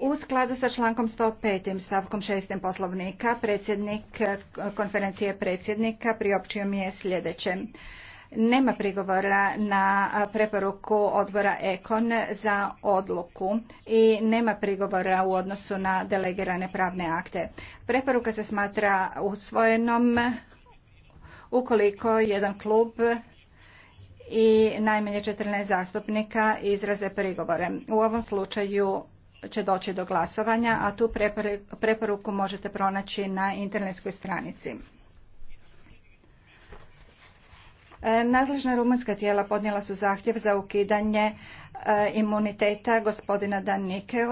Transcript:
U skladu sa člankom 105. stavkom 6. poslovnika predsjednik eh, konferencije predsjednika priopćio mi je sljedeće. Nema prigovora na preporuku odbora Ekon za odluku i nema prigovora u odnosu na delegirane pravne akte. Preporuka se smatra usvojenom ukoliko jedan klub i najmanje 14 zastupnika izraze prigovore. U ovom slučaju će doći do glasovanja, a tu preporuku možete pronaći na internetskoj stranici. E, nadležna rumunska tijela podnijela su zahtjev za ukidanje e, imuniteta gospodina Danike